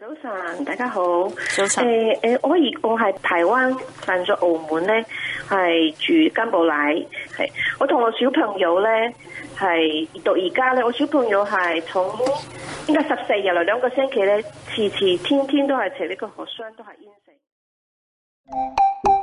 早晨，大家好。早晨上。誒誒、呃呃，我而家係台灣，翻咗澳門咧，係住金寶禮。係我同我小朋友咧，係到而家咧，我小朋友係從應該十四日來兩個星期咧，次次天天都係食呢個核酸，都係陰性。